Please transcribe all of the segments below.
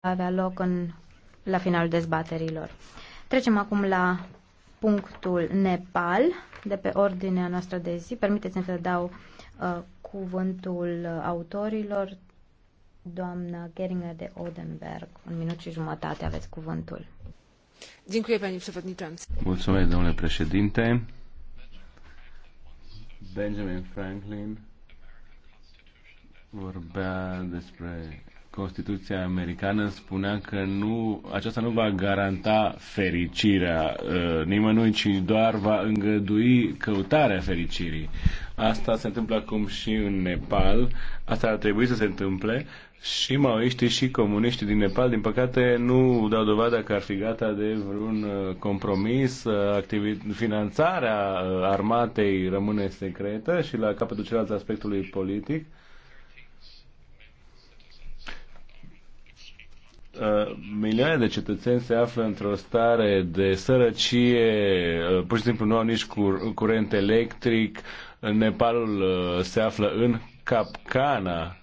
avea loc în, la finalul dezbaterilor. Trecem acum la punctul Nepal de pe ordinea noastră de zi. Permiteți-mi să dau uh, cuvântul autorilor. Doamna Geringer de Odenberg, un minut și jumătate aveți cuvântul. Mulțumesc, domnule președinte. Benjamin Franklin vorbea despre Constituția americană spunea că nu, aceasta nu va garanta fericirea uh, nimănui, ci doar va îngădui căutarea fericirii. Asta se întâmplă acum și în Nepal, asta ar trebui să se întâmple și maoiștii și comuniștii din Nepal, din păcate, nu dau dovada că ar fi gata de vreun uh, compromis. Uh, finanțarea uh, armatei rămâne secretă și la capătul celălalt aspectului politic. Uh, Uh, milioane de cetățeni se află într-o stare de sărăcie, uh, pur și simplu nu au nici cur- curent electric, Nepalul uh, se află în capcana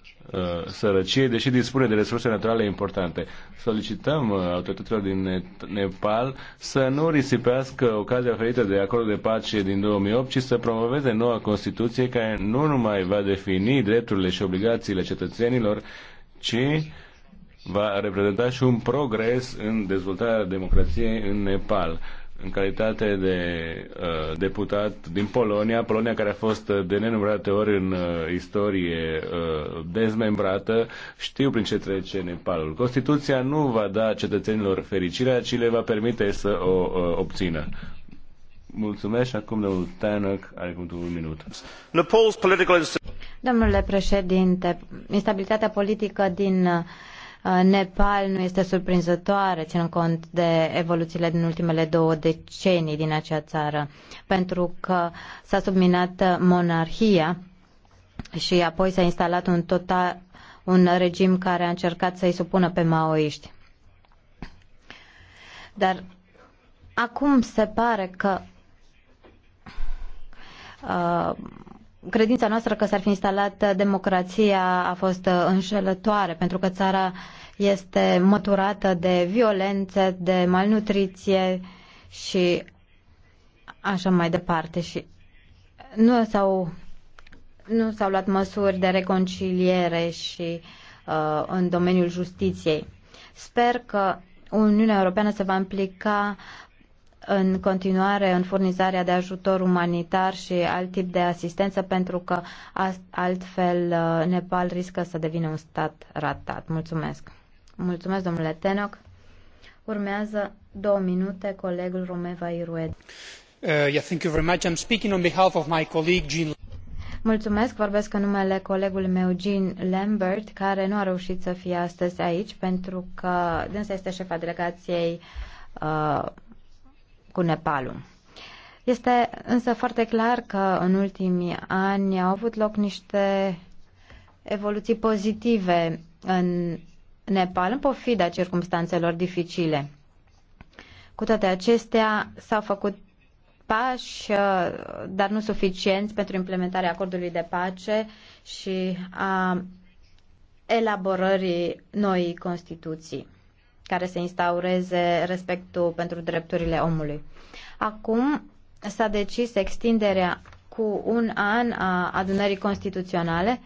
sărăciei, deși dispune de resurse naturale importante. Solicităm autorităților din Nepal să nu risipească ocazia oferită de acordul de pace din 2008, ci să promoveze noua Constituție care nu numai va defini drepturile și obligațiile cetățenilor, ci va reprezenta și un progres în dezvoltarea democrației în Nepal. În calitate de uh, deputat din Polonia, Polonia care a fost uh, de nenumărate ori în uh, istorie uh, dezmembrată, știu prin ce trece Nepalul. Constituția nu va da cetățenilor fericirea, ci le va permite să o uh, obțină. Mulțumesc. Acum domnul Tanăc are cuvântul un minut. Nepal's political... Domnule președinte, instabilitatea politică din uh, Uh, Nepal nu este surprinzătoare, ținând cont de evoluțiile din ultimele două decenii din acea țară, pentru că s-a subminat monarhia și apoi s-a instalat un, total, un regim care a încercat să-i supună pe maoiști. Dar acum se pare că uh, credința noastră că s-ar fi instalat democrația a fost înșelătoare, pentru că țara este măturată de violențe, de malnutriție și așa mai departe. Și nu s-au, nu s-au luat măsuri de reconciliere și uh, în domeniul justiției. Sper că Uniunea Europeană se va implica în continuare în furnizarea de ajutor umanitar și alt tip de asistență, pentru că altfel uh, Nepal riscă să devină un stat ratat. Mulțumesc! Mulțumesc, domnule Tenoc! Urmează două minute colegul Romeva Irued. Uh, yeah, thank you very much. I'm speaking on behalf of my colleague Jean Mulțumesc, vorbesc în numele colegului meu Jean Lambert, care nu a reușit să fie astăzi aici pentru că dânsa este șefa delegației uh, cu Nepalul. Este însă foarte clar că în ultimii ani au avut loc niște evoluții pozitive în Nepal, în pofida circumstanțelor dificile. Cu toate acestea, s-au făcut pași, uh, dar nu suficienți pentru implementarea acordului de pace și a elaborării noii Constituții care să instaureze respectul pentru drepturile omului. Acum s-a decis extinderea cu un an a adunării constituționale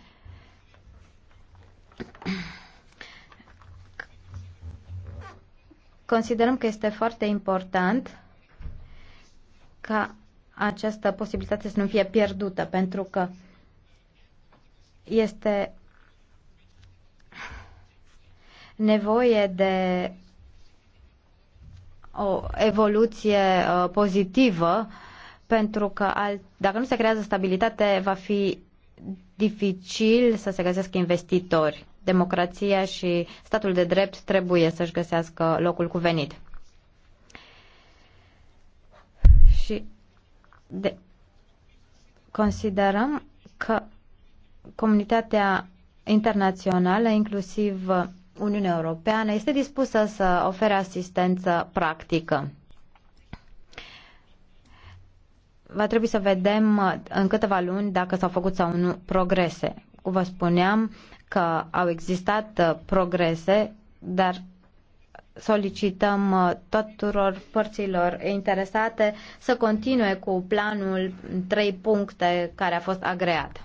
considerăm că este foarte important ca această posibilitate să nu fie pierdută, pentru că este nevoie de o evoluție uh, pozitivă, pentru că alt, dacă nu se creează stabilitate, va fi dificil să se găsească investitori. Democrația și statul de drept trebuie să-și găsească locul cuvenit. Și de, considerăm că comunitatea internațională, inclusiv Uniunea Europeană este dispusă să ofere asistență practică. Va trebui să vedem uh, în câteva luni dacă s-au făcut sau nu progrese. Cum vă spuneam că au existat uh, progrese, dar solicităm uh, tuturor părților interesate să continue cu planul trei puncte care a fost agreat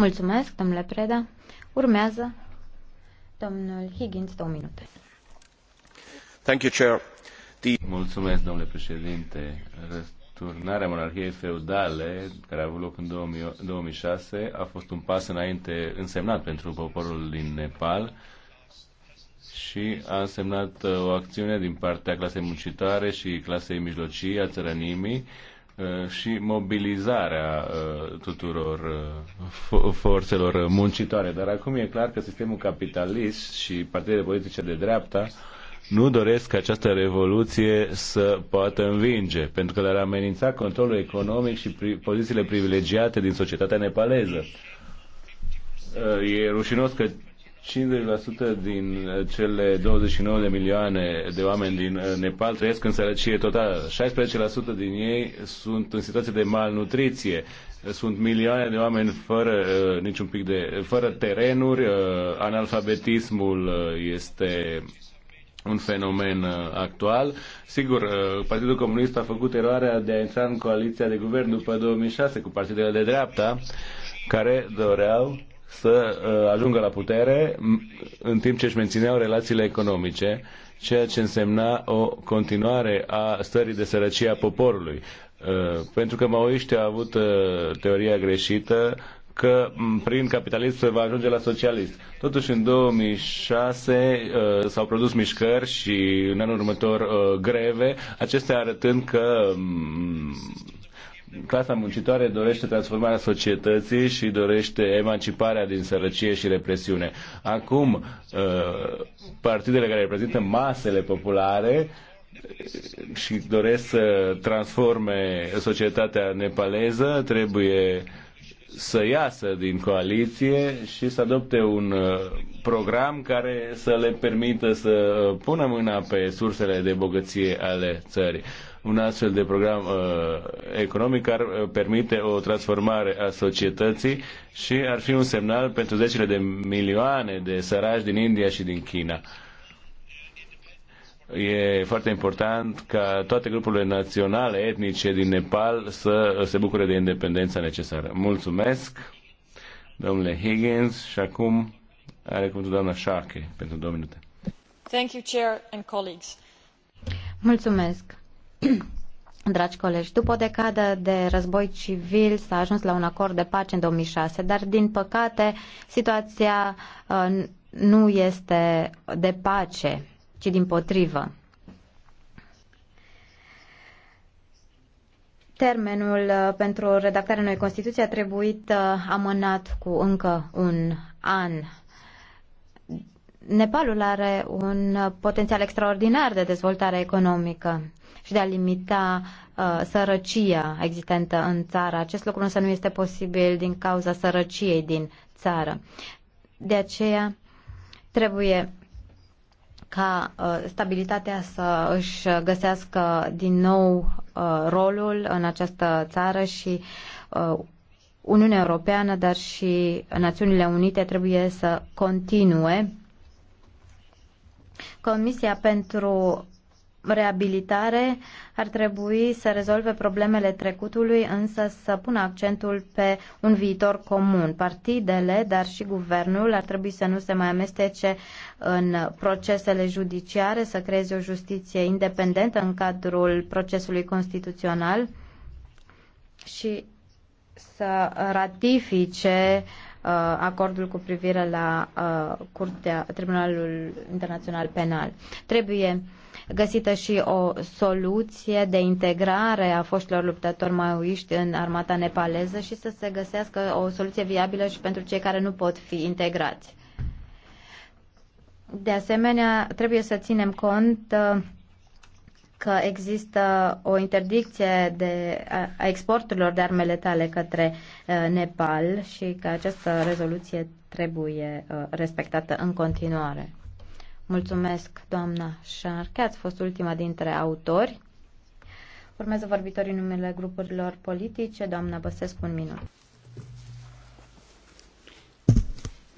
Mulțumesc, domnule Preda. Urmează domnul Higgins, două minute. Thank you, Chair. The... Mulțumesc, domnule președinte. Răsturnarea monarhiei feudale, care a avut loc în 2000, 2006, a fost un pas înainte însemnat pentru poporul din Nepal și a însemnat uh, o acțiune din partea clasei muncitoare și clasei mijlocii a țărănimii, Uh, și mobilizarea uh, tuturor uh, forțelor muncitoare. Dar acum e clar că sistemul capitalist și partidele politice de dreapta nu doresc ca această revoluție să poată învinge, pentru că le-ar amenința controlul economic și pri- pozițiile privilegiate din societatea nepaleză. E rușinos că 50% din cele 29 de milioane de oameni din uh, Nepal trăiesc în sărăcie totală. 16% din ei sunt în situație de malnutriție. Sunt milioane de oameni fără uh, niciun pic de fără terenuri. Uh, analfabetismul uh, este un fenomen uh, actual. Sigur, uh, Partidul Comunist a făcut eroarea de a intra în coaliția de guvern după 2006 cu partidele de dreapta care doreau să uh, ajungă la putere în timp ce își mențineau relațiile economice, ceea ce însemna o continuare a stării de sărăcie a poporului. Uh, pentru că maoiștii au avut uh, teoria greșită că prin capitalism se va ajunge la socialist. Totuși, în 2006 s-au produs mișcări și în anul următor greve, acestea arătând că clasa muncitoare dorește transformarea societății și dorește emanciparea din sărăcie și represiune. Acum, uh, partidele care reprezintă masele populare uh, și doresc să transforme societatea nepaleză trebuie să iasă din coaliție și să adopte un uh, program care să le permită să pună mâna pe sursele de bogăție ale țării. Un astfel de program uh, economic ar uh, permite o transformare a societății și ar fi un semnal pentru zecile de milioane de sărași din India și din China. E foarte important ca toate grupurile naționale, etnice din Nepal să se bucure de independența necesară. Mulțumesc, domnule Higgins, și acum are cuvântul doamna Sharkey pentru două minute. Thank you, Chair and colleagues. Mulțumesc. Dragi colegi, după o decadă de război civil s-a ajuns la un acord de pace în 2006, dar din păcate situația uh, nu este de pace, ci din potrivă. Termenul uh, pentru redactarea noi Constituții a trebuit uh, amânat cu încă un an. Nepalul are un uh, potențial extraordinar de dezvoltare economică și de a limita uh, sărăcia existentă în țară. Acest lucru însă nu este posibil din cauza sărăciei din țară. De aceea trebuie ca uh, stabilitatea să își găsească din nou uh, rolul în această țară și uh, Uniunea Europeană, dar și Națiunile Unite trebuie să continue Comisia pentru reabilitare ar trebui să rezolve problemele trecutului, însă să pună accentul pe un viitor comun. Partidele, dar și guvernul ar trebui să nu se mai amestece în procesele judiciare, să creeze o justiție independentă în cadrul procesului constituțional și să ratifice uh, Uh, acordul cu privire la uh, Curtea, Tribunalul Internațional Penal. Trebuie găsită și o soluție de integrare a foștilor luptători maoiști în armata nepaleză și să se găsească o soluție viabilă și pentru cei care nu pot fi integrați. De asemenea, trebuie să ținem cont uh, că există o interdicție de, a exporturilor de arme letale către uh, Nepal și că această rezoluție trebuie uh, respectată în continuare. Mulțumesc, doamna Șarche. Ați fost ultima dintre autori. Urmează vorbitorii numele grupurilor politice. Doamna Băsescu, un minut.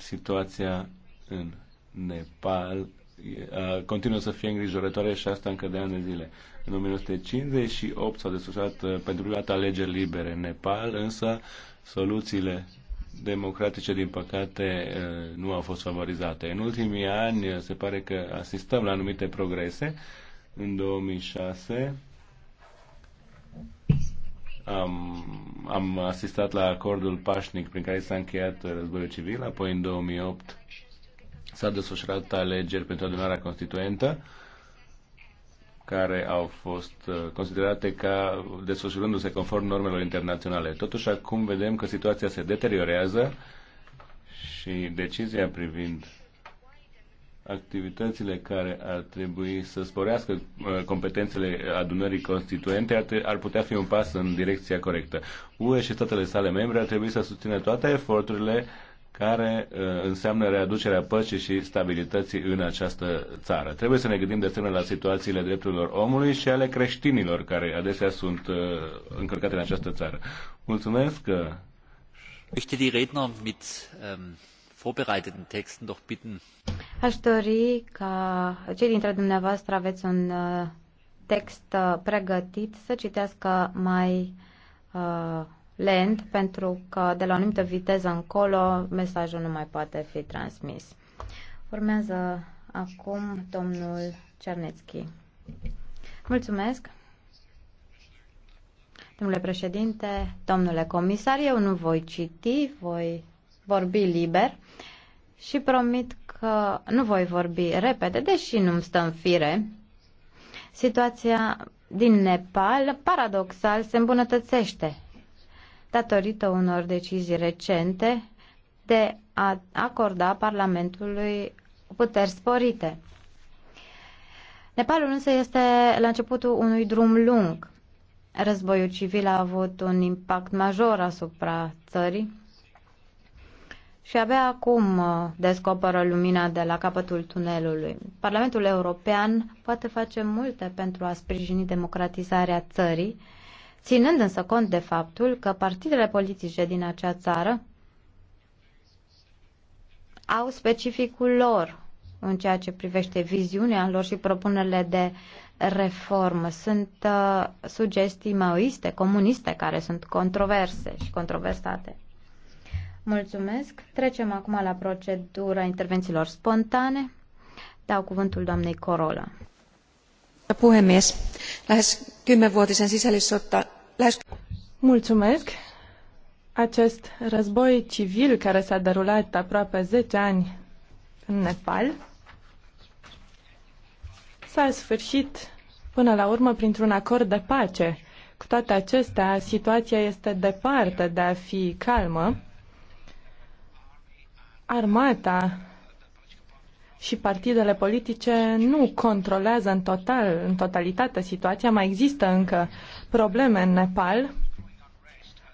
situația în Nepal continuă să fie îngrijorătoare și asta încă de ani de zile. În 1958 s-au desfășurat uh, pentru prima dată alegeri libere în Nepal, însă soluțiile democratice, din păcate, uh, nu au fost favorizate. În ultimii ani uh, se pare că asistăm la anumite progrese. În 2006 am, am asistat la acordul pașnic prin care s-a încheiat uh, războiul civil, apoi în 2008 s-a desfășurat alegeri pentru adunarea constituentă, care au fost uh, considerate ca desfășurându-se conform normelor internaționale. Totuși, acum vedem că situația se deteriorează și decizia privind activitățile care ar trebui să sporească uh, competențele adunării constituente ar putea fi un pas în direcția corectă. UE și statele sale membre ar trebui să susțină toate eforturile care uh, înseamnă readucerea păcii și stabilității în această țară. Trebuie să ne gândim de asemenea la situațiile drepturilor omului și ale creștinilor care adesea sunt uh, încărcate în această țară. Mulțumesc! Uh... Ich möchte die Redner mit ähm, vorbereiteten Texten doch bitten. Aș dori ca cei dintre dumneavoastră aveți un uh, text uh, pregătit să citească mai uh, lent, pentru că de la o anumită viteză încolo mesajul nu mai poate fi transmis. Urmează acum domnul Cernețchi. Mulțumesc! Domnule președinte, domnule comisar, eu nu voi citi, voi vorbi liber și promit că nu voi vorbi repede, deși nu-mi stă în fire. Situația din Nepal, paradoxal, se îmbunătățește datorită unor decizii recente de a acorda Parlamentului puteri sporite. Nepalul însă este la începutul unui drum lung. Războiul civil a avut un impact major asupra țării și abia acum uh, descoperă lumina de la capătul tunelului. Parlamentul European poate face multe pentru a sprijini democratizarea țării, ținând însă cont de faptul că partidele politice din acea țară au specificul lor în ceea ce privește viziunea lor și propunerile de reformă. Sunt uh, sugestii maoiste, comuniste, care sunt controverse și controversate. Mulțumesc. Trecem acum la procedura intervențiilor spontane. Dau cuvântul doamnei Corola. Puhemies, lähes kymmenvuotisen sisällissotta... Lähes... Mulțumesc. Acest război civil care s-a derulat aproape 10 ani în Nepal s-a sfârșit până la urmă printr-un acord de pace. Cu toate acestea, situația este departe de a fi calmă armata și partidele politice nu controlează în, total, în totalitate situația. Mai există încă probleme în Nepal.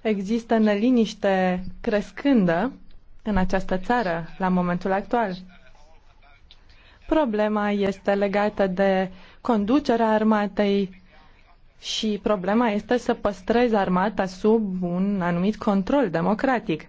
Există neliniște crescândă în această țară la momentul actual. Problema este legată de conducerea armatei și problema este să păstrezi armata sub un anumit control democratic.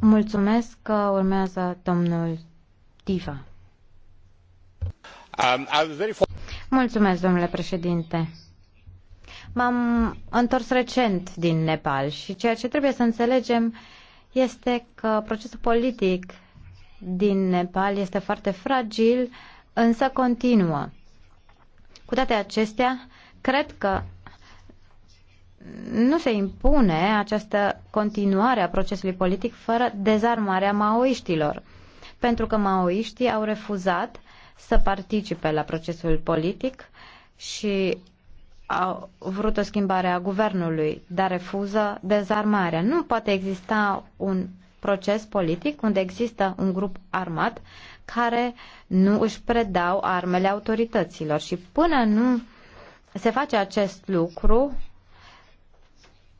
Mulțumesc urmează domnul um, Mulțumesc, domnule președinte. M-am întors recent din Nepal și ceea ce trebuie să înțelegem este că procesul politic din Nepal este foarte fragil, însă continuă. Cu toate acestea, cred că nu se impune această continuare a procesului politic fără dezarmarea maoiștilor, pentru că maoiștii au refuzat să participe la procesul politic și au vrut o schimbare a guvernului, dar refuză dezarmarea. Nu poate exista un proces politic unde există un grup armat care nu își predau armele autorităților și până nu se face acest lucru,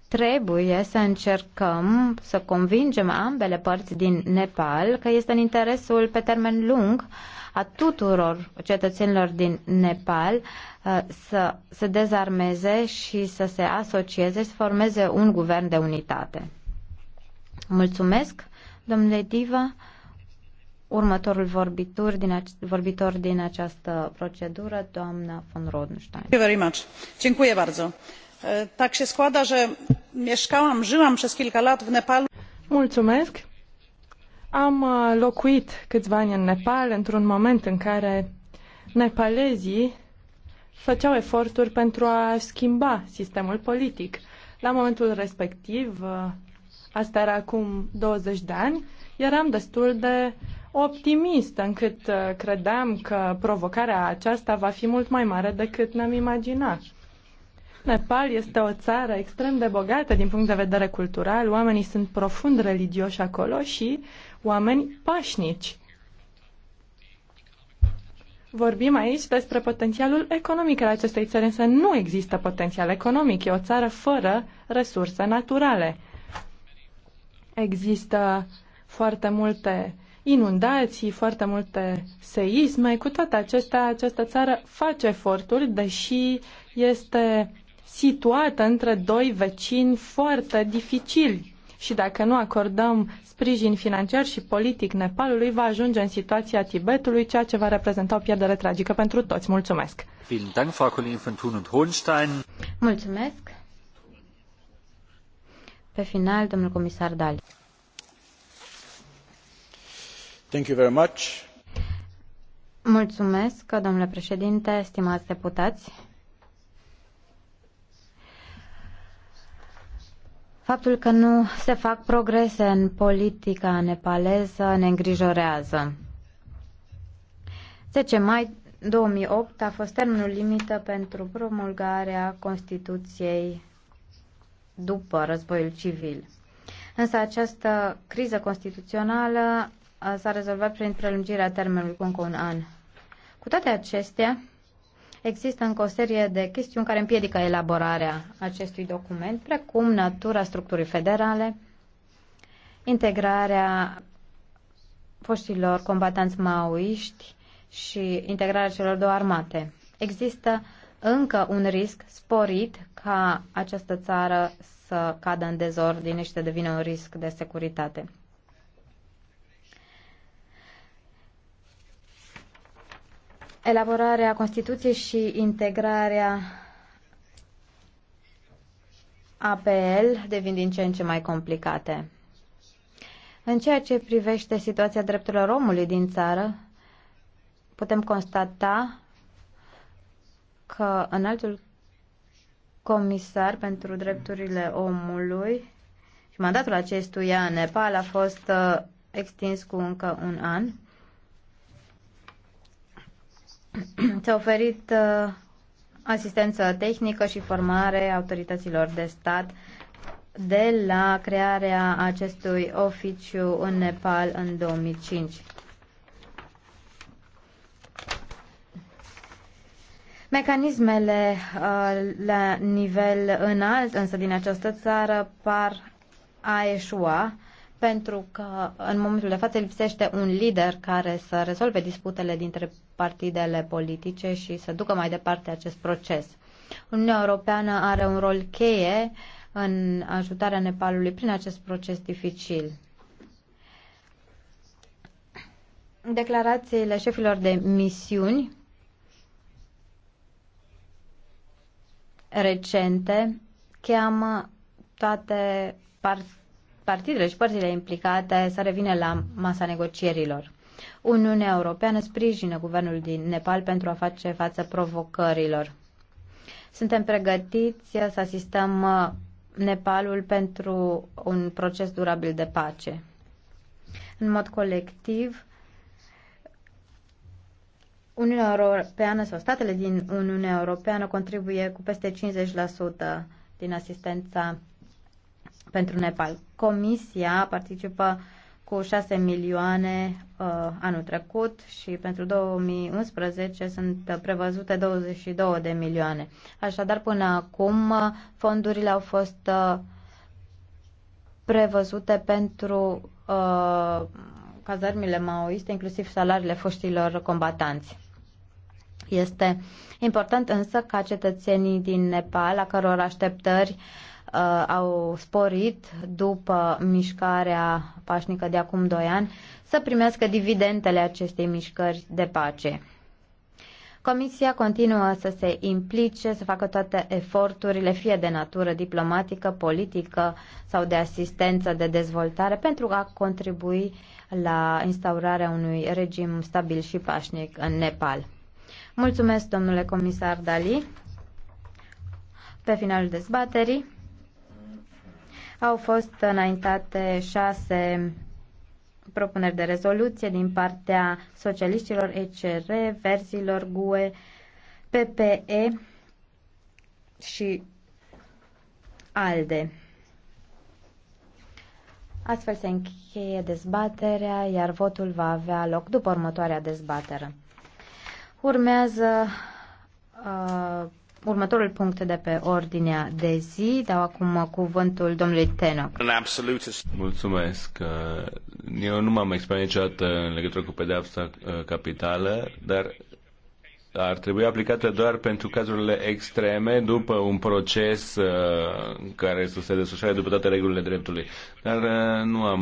Trebuie să încercăm să convingem ambele părți din Nepal că este în interesul pe termen lung a tuturor cetățenilor din Nepal uh, să se dezarmeze și să se asocieze și să formeze un guvern de unitate. Mulțumesc, domnule Diva. Următorul vorbitor din, ace- vorbitor din această procedură, doamna von Rodenstein. Thank you very much. Dziękuję bardzo tak się składa że mieszkałam żyłam przez kilka lat w nepalu. Mulțumesc. Am locuit câțiva ani în Nepal într-un moment în care nepalezii făceau eforturi pentru a schimba sistemul politic. La momentul respectiv, asta era acum 20 de ani, eram destul de optimist încât credeam că provocarea aceasta va fi mult mai mare decât ne-am imaginat. Nepal este o țară extrem de bogată din punct de vedere cultural, oamenii sunt profund religioși acolo și oameni pașnici. Vorbim aici despre potențialul economic al acestei țări, însă nu există potențial economic. E o țară fără resurse naturale. Există foarte multe inundații, foarte multe seisme. Cu toate acestea, această țară face eforturi, deși este situată între doi vecini foarte dificili și dacă nu acordăm sprijin financiar și politic Nepalului, va ajunge în situația Tibetului, ceea ce va reprezenta o pierdere tragică pentru toți. Mulțumesc! Mulțumesc! Pe final, domnul comisar Dali. Thank you very much. Mulțumesc, domnule președinte, stimați deputați. Faptul că nu se fac progrese în politica nepaleză ne îngrijorează. 10 mai 2008 a fost termenul limită pentru promulgarea Constituției după războiul civil. Însă această criză constituțională uh, s-a rezolvat prin prelungirea termenului cu încă un an. Cu toate acestea, există încă o serie de chestiuni care împiedică elaborarea acestui document, precum natura structurii federale, integrarea foștilor combatanți maoiști și integrarea celor două armate. Există încă un risc sporit ca această țară să cadă în dezordine și să devină un risc de securitate. elaborarea Constituției și integrarea APL devin din ce în ce mai complicate. În ceea ce privește situația drepturilor omului din țară, putem constata că înaltul comisar pentru drepturile omului și mandatul acestuia în Nepal a fost uh, extins cu încă un an. ți a oferit uh, asistență tehnică și formare autorităților de stat de la crearea acestui oficiu în Nepal în 2005. Mecanismele uh, la nivel înalt, însă din această țară, par a eșua pentru că în momentul de față lipsește un lider care să rezolve disputele dintre partidele politice și să ducă mai departe acest proces. Uniunea Europeană are un rol cheie în ajutarea Nepalului prin acest proces dificil. Declarațiile șefilor de misiuni recente cheamă toate partidele și părțile implicate să revină la masa negocierilor. Uniunea Europeană sprijină guvernul din Nepal pentru a face față provocărilor. Suntem pregătiți să asistăm uh, Nepalul pentru un proces durabil de pace. În mod colectiv, Uniunea Europeană sau statele din Uniunea Europeană contribuie cu peste 50% din asistența pentru Nepal. Comisia participă cu 6 milioane uh, anul trecut și pentru 2011 sunt uh, prevăzute 22 de milioane. Așadar, până acum, uh, fondurile au fost uh, prevăzute pentru uh, cazărmile maoiste, inclusiv salariile foștilor combatanți. Este important însă ca cetățenii din Nepal, la căror așteptări uh, uh, au sporit după mișcarea pașnică de acum 2 ani să primească dividendele acestei mișcări de pace. Comisia continuă să se implice, să facă toate eforturile, fie de natură diplomatică, politică sau de asistență de dezvoltare, pentru a contribui la instaurarea unui regim stabil și pașnic în Nepal. Mulțumesc, domnule comisar Dali. Pe finalul dezbaterii, au fost înaintate șase propuneri de rezoluție din partea socialiștilor ECR, verzilor GUE, PPE și ALDE. Astfel se încheie dezbaterea, iar votul va avea loc după următoarea dezbatere. Urmează uh, Următorul punct de pe ordinea de zi, dau acum cuvântul domnului Tenoc. Mulțumesc. Eu nu m-am exprimat niciodată în legătură cu pedeapsa uh, capitală, dar ar trebui aplicată doar pentru cazurile extreme, după un proces uh, care să se desfășoare după toate regulile dreptului. Dar uh, nu am